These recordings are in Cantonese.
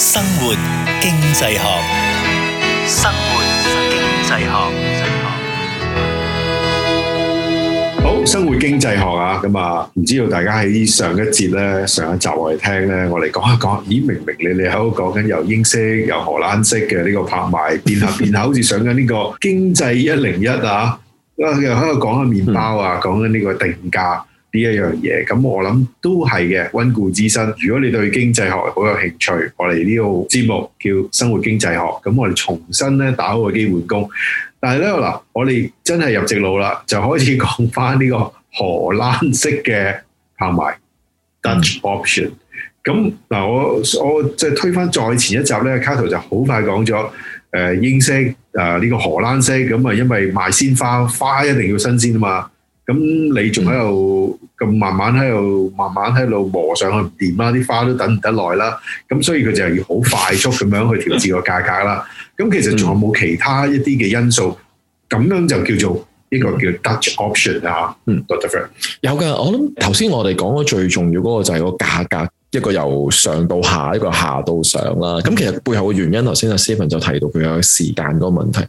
生活經濟學，生活經濟學，好，生活經濟學啊咁啊！唔知道大家喺上一節咧，上一集我哋聽咧，我嚟講一講。咦，明明你哋喺度講緊由英式、由荷蘭式嘅呢個拍賣，變下變下好似上緊呢個經濟一零一啊！又喺度講緊麵包啊，講緊呢個定價。呢一樣嘢，咁我諗都係嘅，溫故知新。如果你對經濟學好有興趣，我哋呢個節目叫生活經濟學，咁我哋重新咧打好個基本功。但係咧嗱，我哋真係入直路啦，就開始講翻呢個荷蘭式嘅拍賣、mm hmm. （Dutch option）。咁嗱，我我即係推翻再前一集咧，卡頭就好快講咗誒英式誒呢、呃這個荷蘭式，咁啊，因為賣鮮花，花一定要新鮮啊嘛。咁你仲喺度咁慢慢喺度，慢慢喺度磨上去唔掂啦，啲花都等唔得耐啦。咁所以佢就要好快速咁樣去調節個價格啦。咁其實仲有冇其他一啲嘅因素？咁樣就叫做呢個叫 Dutch option 啊。嗯，有㗎。我諗頭先我哋講咗最重要嗰個就係個價格。一個由上到下，一個下到上啦。咁其實背後嘅原因，頭先阿 Steven 就提到佢有時間嗰個問題。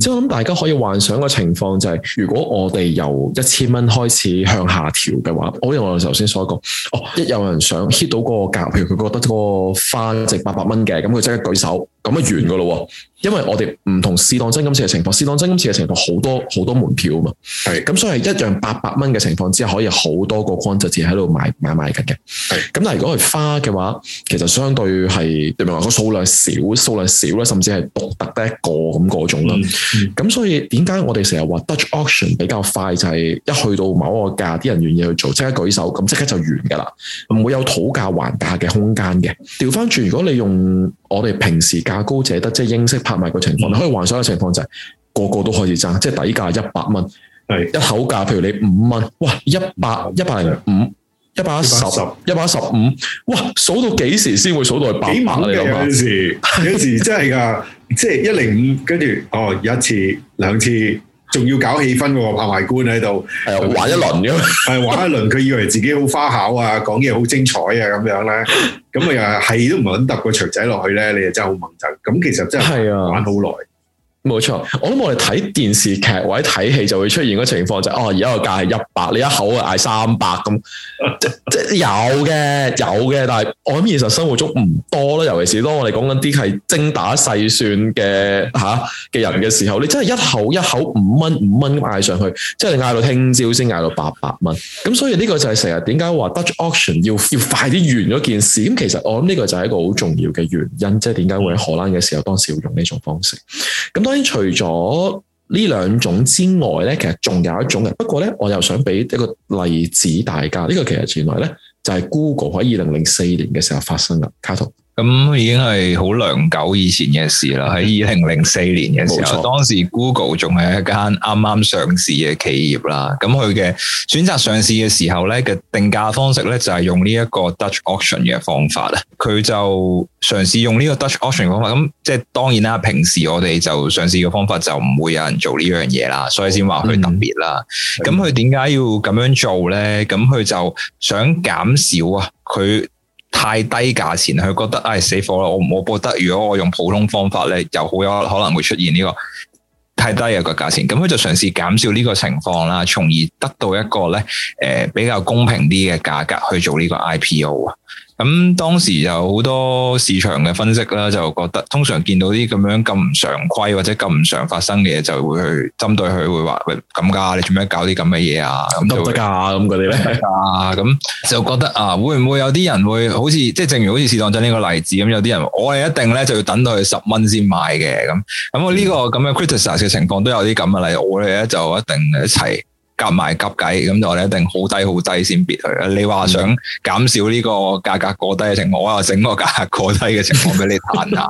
即係、嗯、我諗大家可以幻想個情況、就係，就係如果我哋由一千蚊開始向下調嘅話，好似我哋頭先所講，哦，一有人想 hit 到嗰個價，譬如佢覺得嗰個花值八百蚊嘅，咁佢即刻舉手，咁啊完噶咯。嗯因為我哋唔同試當真今次嘅情況，試當真今次嘅情況好多好多門票啊嘛，係咁的所以係一樣八百蚊嘅情況之下，可以好多個 c o n j e 喺度買買買緊嘅，係咁的但係如果係花嘅話，其實相對係你明話個數量少，數量少啦，甚至係獨特得一個咁嗰種啦，咁、嗯、所以點解我哋成日話 Dutch auction 比較快就係一去到某個價，啲人願意去做，即刻舉手，咁即刻，刻就完㗎啦，唔會有討價還價嘅空間嘅。調翻轉如果你用。我哋平時價高者得，即係英式拍賣個情況。你可以幻想嘅情況就係、是、個個都開始爭，即係底價一百蚊，係是一口價。譬如你五蚊，哇！一百一百零五，一百一十，一百一十五，哇！數到幾時先會數到百幾萬？幾時的的？幾時真係㗎？即係一零五，跟住哦，一次兩次。仲要搞氣氛喎，拍賣官喺度，係啊、玩一輪咁，係玩一輪，佢 以為自己好花巧啊，講嘢好精彩啊，咁樣咧，咁啊又係都唔肯揼個鎚仔落去咧， 你又真係好矇憎。咁 其實真係啊，玩好耐。 冇錯，我諗我哋睇電視劇或者睇戲就會出現嗰個情況就係、是，哦，而家個價係一百，你一口啊嗌三百咁，即係有嘅，有嘅，但係我諗現實生活中唔多啦，尤其是當我哋講緊啲係精打細算嘅吓嘅人嘅時候，你真係一口一口五蚊五蚊嗌上去，即係你嗌到聽朝先嗌到八百蚊，咁所以呢個就係成日點解話 Dutch auction 要要快啲完咗件事咁，其實我諗呢個就係一個好重要嘅原因，即係點解會喺荷蘭嘅時候當時用呢種方式。咁當然除咗呢兩種之外呢，其實仲有一種嘅。不過咧，我又想俾一個例子大家。呢個其實原來咧就係 Google 喺二零零四年嘅時候發生嘅。卡圖。咁已經係好良久以前嘅事啦，喺二零零四年嘅時候，冇錯，當時 Google 仲係一間啱啱上市嘅企業啦。咁佢嘅選擇上市嘅時候咧嘅定價方式咧就係用呢一個 Dutch Auction 嘅方法啊。佢就嘗試用呢個 Dutch Auction 方法，咁即係當然啦。平時我哋就上市嘅方法就唔會有人做呢樣嘢啦，所以先話佢特別啦。咁佢點解要咁樣做咧？咁佢就想減少啊佢。太低價錢，佢覺得唉、哎、死火啦！我我覺得如果我用普通方法咧，就好有可能會出現呢個太低嘅個價錢，咁佢就嘗試減少呢個情況啦，從而得到一個咧誒、呃、比較公平啲嘅價格去做呢個 IPO 啊。咁當時就好多市場嘅分析啦，就覺得通常見到啲咁樣咁唔常規或者咁唔常發生嘅嘢，就會去針對佢，會話喂，咁噶，你做咩搞啲咁嘅嘢啊？咁得唔得噶？咁嗰啲咧，咁 就覺得啊，會唔會有啲人會好似即係，正如好似試當真呢個例子咁，有啲人我哋一定咧就要等到佢十蚊先買嘅咁。咁我呢個咁嘅 criticism 嘅情況都有啲咁嘅例子，我哋咧就一定一齊夾埋急計，咁就你一定好低好低先別去。你話想減少呢個價格過低嘅情況，我又整個價格過低嘅情況俾你嘆下。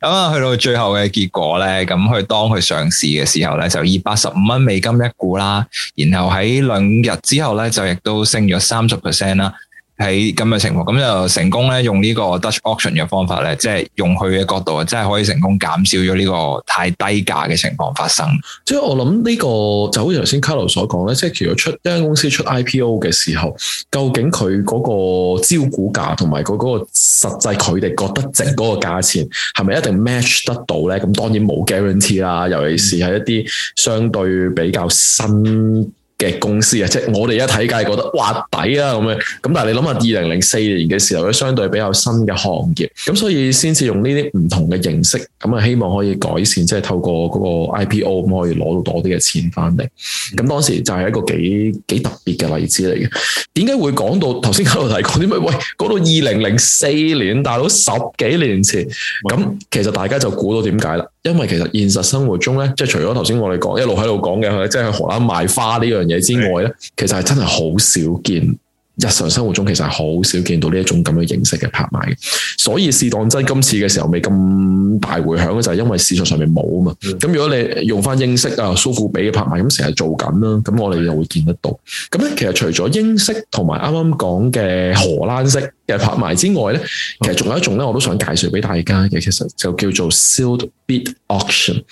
咁啊，去到最後嘅結果咧，咁佢當佢上市嘅時候咧，就以八十五蚊美金一股啦，然後喺兩日之後咧，就亦都升咗三十 percent 啦。喺咁嘅情況，咁就成功咧用呢個 Dutch auction 嘅方法咧，即係用佢嘅角度啊，即係可以成功減少咗呢個太低價嘅情況發生。即係我諗呢、這個就好似頭先卡 a 所講咧，即係其實出一間公司出 IPO 嘅時候，究竟佢嗰個招股價同埋佢嗰個實際佢哋覺得值嗰個價錢，係咪一定 match 得到咧？咁當然冇 guarantee 啦。尤其是係一啲相對比較新。嘅公司啊，即係我哋一睇，梗係覺得哇底啊咁樣。咁但係你諗下，二零零四年嘅時候，佢相對比較新嘅行業，咁所以先至用呢啲唔同嘅形式，咁啊希望可以改善，即係透過嗰個 IPO 咁可以攞到多啲嘅錢翻嚟。咁當時就係一個幾幾特別嘅例子嚟嘅。點解會講到頭先喺度提講啲咩？喂，講到二零零四年，大佬十幾年前，咁的其實大家就估到點解啦？因為其實現實生活中咧，即係除咗頭先我哋一路喺度講嘅，即係去荷蘭賣花呢樣嘢之外咧，對其實係真係好少見。日常生活中其實好少見到呢一種咁樣形式嘅拍賣嘅，所以試當真今次嘅時候未咁大回響咧，就係、是、因為市場上面冇啊嘛。咁、嗯、如果你用翻英式啊、哦、蘇富比嘅拍賣，咁成日做緊啦，咁我哋又會見得到。咁咧、嗯，其實除咗英式同埋啱啱講嘅荷蘭式嘅拍賣之外咧，嗯、其實仲有一種咧，我都想介紹俾大家嘅，其實就叫做 sealed bid auction。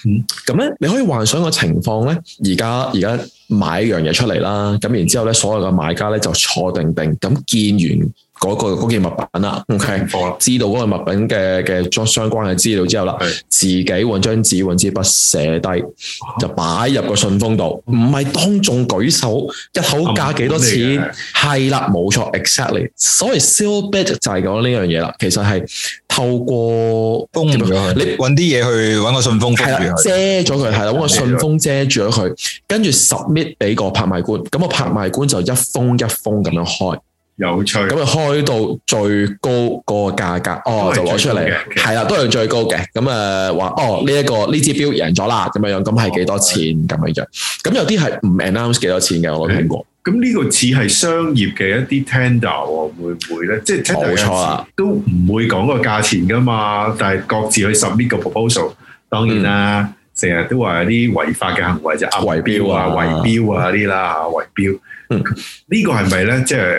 咁咧、嗯，你可以幻想個情況咧，而家而家。買一樣嘢出嚟啦，咁然之後咧，所有嘅買家咧就坐定定咁見完。嗰、那個嗰件物品啦，OK，了知道嗰個物品嘅嘅相相關嘅資料之後啦，的自己揾張紙、揾支筆寫低，啊、就擺入個信封度，唔係當眾舉手一口價幾多錢？係啦、嗯，冇錯，exactly。所謂 sealed bid 就係講呢樣嘢啦，其實係透過封咗了你揾啲嘢去揾個信封，封，係遮咗佢，係啦，揾個信封遮住咗佢，跟住 submit 俾個拍賣官，咁、那個拍賣官就一封一封咁樣開。嗯嗯。有趣，咁啊，開到最高個價格哦，就攞出嚟嘅，係啦，都係最高嘅。咁啊，話哦，呢一個呢支標贏咗啦，咁樣樣，咁係幾多錢咁樣樣？咁有啲係唔 announce 幾多錢嘅，我都聽過。咁呢個似係商業嘅一啲 tender 啊，會唔會咧？即係冇錯啊，都唔會講個價錢噶嘛。但係各自去 submit 個 proposal，當然啦，成日都話有啲違法嘅行為就圍標啊、圍標啊啲啦，圍標。呢個係咪咧？即係。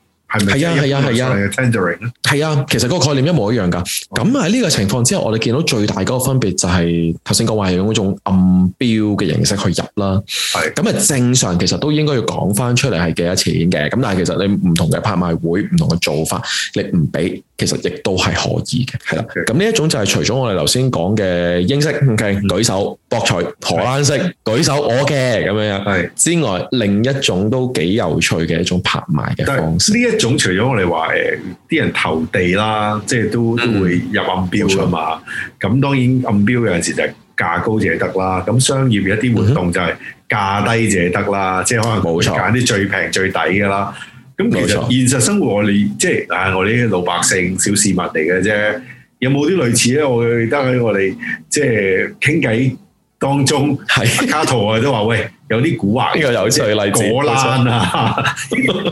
係啊係啊係啊，係啊，其實個概念一模一樣噶。咁喺呢個情況之下，我哋見到最大嗰個分別就係頭先講話係用嗰種暗標嘅形式去入啦。係咁啊，正常其實都應該要講翻出嚟係幾多錢嘅。咁但係其實你唔同嘅拍賣會唔同嘅做法，你唔俾，其實亦都係可以嘅。係啦，咁呢一種就係除咗我哋頭先講嘅英式，OK，舉手博取荷蘭式，舉手我嘅咁樣樣。係之外，另一種都幾有趣嘅一種拍賣嘅方式。總除咗我哋話誒，啲人投地啦，即係都都會入暗標㗎嘛。咁 當然暗標有陣時就係價高者得啦。咁商業有一啲活動就係價低者得啦， 即係可能揀啲最平最抵噶啦。咁 其實現實生活我哋即係啊， 我哋啲老百姓小市民嚟嘅啫。有冇啲類似咧？我會得喺我哋即係傾偈。就是當中喺卡徒啊，都話喂有啲古惑，呢、這個有趣例，果欄啦。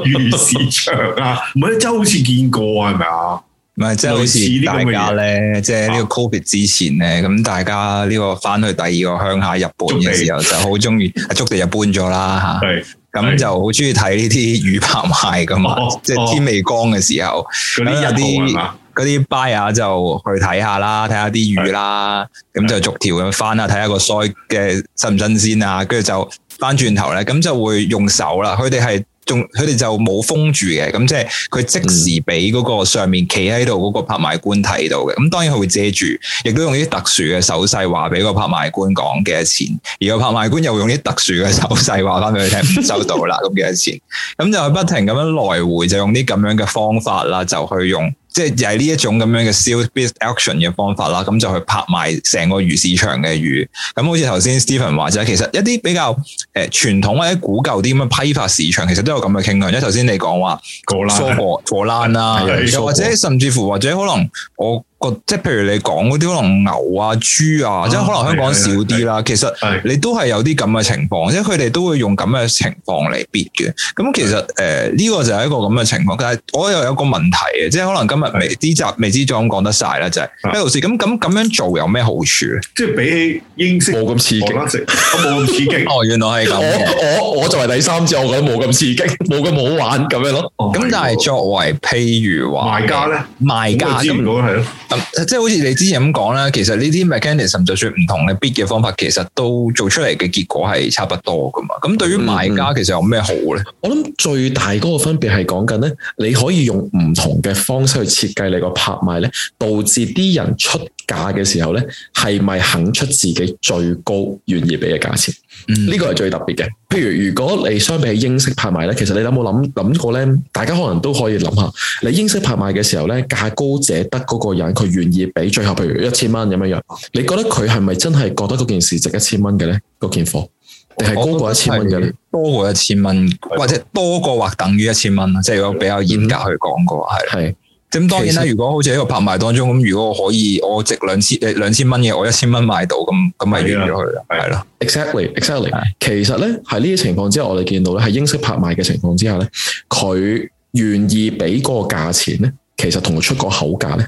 魚市場啊，唔係真係好似見過啊，係咪啊？唔係即係好似大家咧，即係呢個 Covid 之前咧，咁大家呢個翻去第二個鄉下日本嘅時候，地就好中意啊，築地就搬咗啦吓。係咁 就好中意睇呢啲魚拍賣噶嘛，哦、即係天未光嘅時候，嗰啲有啲。哦嗰啲 buyer 就去睇下啦，睇下啲魚啦，咁的就逐條咁翻啊，睇下個腮嘅新唔新鮮啊，跟住就翻轉頭咧，咁就會用手啦。佢哋係仲佢哋就冇封住嘅，咁即係佢即時俾嗰個上面企喺度嗰個拍賣官睇到嘅。咁當然佢會遮住，亦都用啲特殊嘅手勢話俾個拍賣官講幾多錢，而個拍賣官又會用啲特殊嘅手勢話翻俾佢聽收到啦，咁幾多錢，咁 就不停咁樣來回，就用啲咁樣嘅方法啦，就去用。即係又係呢一種咁樣嘅 sealed bid auction 嘅方法啦，咁就去拍賣成個魚市場嘅魚。咁好似頭先 Stephen 話咗，其實一啲比較誒傳統或者古舊啲咁嘅批發市場，其實都有咁嘅傾向。因為頭先你講話過欄過欄啦，又或者甚至乎或者可能我。個即係譬如你講嗰啲可能牛啊豬啊，即係可能香港少啲啦。其實你都係有啲咁嘅情況，即係佢哋都會用咁嘅情況嚟別嘅。咁其實誒呢個就係一個咁嘅情況。但係我又有一個問題，即係可能今日未啲集未知再咁講得晒啦。就係，李老師咁咁咁樣做有咩好處？即係比起英式冇咁刺激，冇咁刺激。哦，原來係咁。我我我就係第三次，我覺得冇咁刺激，冇咁好玩咁樣咯。咁但係作為譬如話，賣家咧，賣家咁係咯。嗯、即係好似你之前咁講啦，其實呢啲 mechanism 就算唔同嘅 bid 嘅方法，其實都做出嚟嘅結果係差不多噶嘛。咁對於買家其實有咩好咧、嗯？我諗最大嗰個分別係講緊咧，你可以用唔同嘅方式去設計你個拍賣咧，導致啲人出價嘅時候咧，係咪肯出自己最高願意俾嘅價錢？呢、嗯、個係最特別嘅。譬如如果你相比起英式拍賣咧，其實你有冇諗諗過咧？大家可能都可以諗下。你英式拍賣嘅時候咧，價高者得嗰個人，佢願意俾最後譬如一千蚊咁樣樣。你覺得佢係咪真係覺得嗰件事值一千蚊嘅咧？嗰件貨定係高過一千蚊，嘅？多過一千蚊，或者多過或等於一千蚊？即係如果比較嚴格去講嘅話，係、嗯。咁當然啦，如果好似喺個拍賣當中咁，如果我可以我值兩千誒兩千蚊嘅，我一千蚊買到咁，咁咪冤咗佢係咯？Exactly，Exactly。Exactly, exactly. 其實咧喺呢啲情況之下，我哋見到咧喺英式拍賣嘅情況之下咧，佢願意俾嗰個價錢咧，其實同佢出個口價咧，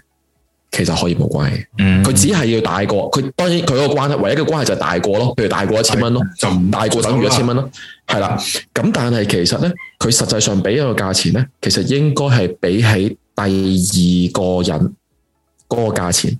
其實可以冇關係。佢、嗯、只係要大過佢，當然佢嗰個關係，唯一嘅關係就係大過咯，譬如大過一千蚊咯，的就唔大過就等於一千蚊咯，係啦、啊。咁但係其實咧，佢實際上俾一個價錢咧，其實應該係比起。第二個人嗰個價錢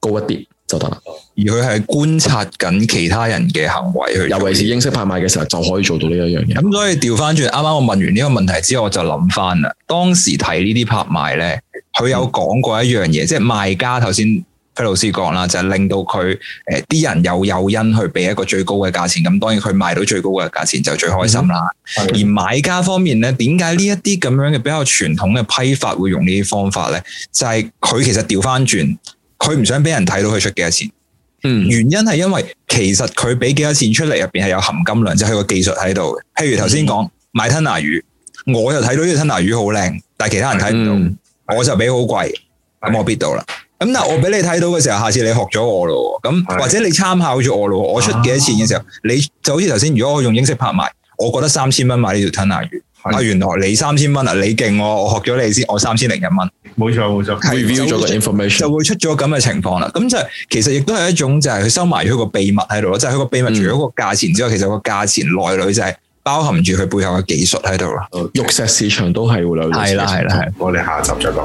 高一啲就得啦，而佢係觀察緊其他人嘅行為去，尤其是英式拍賣嘅時候就可以做到呢一樣嘢。咁、嗯、所以調翻轉，啱啱我問完呢個問題之後，我就諗翻啦。當時睇呢啲拍賣咧，佢有講過一樣嘢，即係賣家頭先。佢老師講啦，就係令到佢誒啲人有誘因去俾一個最高嘅價錢，咁當然佢賣到最高嘅價錢就最開心啦。嗯、而買家方面咧，點解呢一啲咁樣嘅比較傳統嘅批發會用呢啲方法咧？就係佢其實調翻轉，佢唔想俾人睇到佢出幾多錢。嗯，原因係因為其實佢俾幾多錢出嚟入邊係有含金量，即係佢個技術喺度。譬如頭先講買吞拿魚，我就睇到呢個吞拿魚好靚，但係其他人睇唔到，嗯、我就俾好貴，咁、嗯、的我必到啦。咁嗱，我俾你睇到嘅時候，下次你學咗我咯，咁或者你參考咗我咯，我出幾多錢嘅時候，你就好似頭先，如果我用英式拍賣，我覺得三千蚊買呢條吞拿魚，啊，原來你三千蚊啊，你勁我，我學咗你先，我三千零一蚊，冇錯冇錯，review 咗個 information，就會出咗咁嘅情況啦。咁就其實亦都係一種就係佢收埋咗個秘密喺度咯，就係佢個秘密除咗個價錢之外，其實個價錢內裏就係包含住佢背後嘅技術喺度啦。玉石市場都係會有，係啦係啦係。我哋下集再講。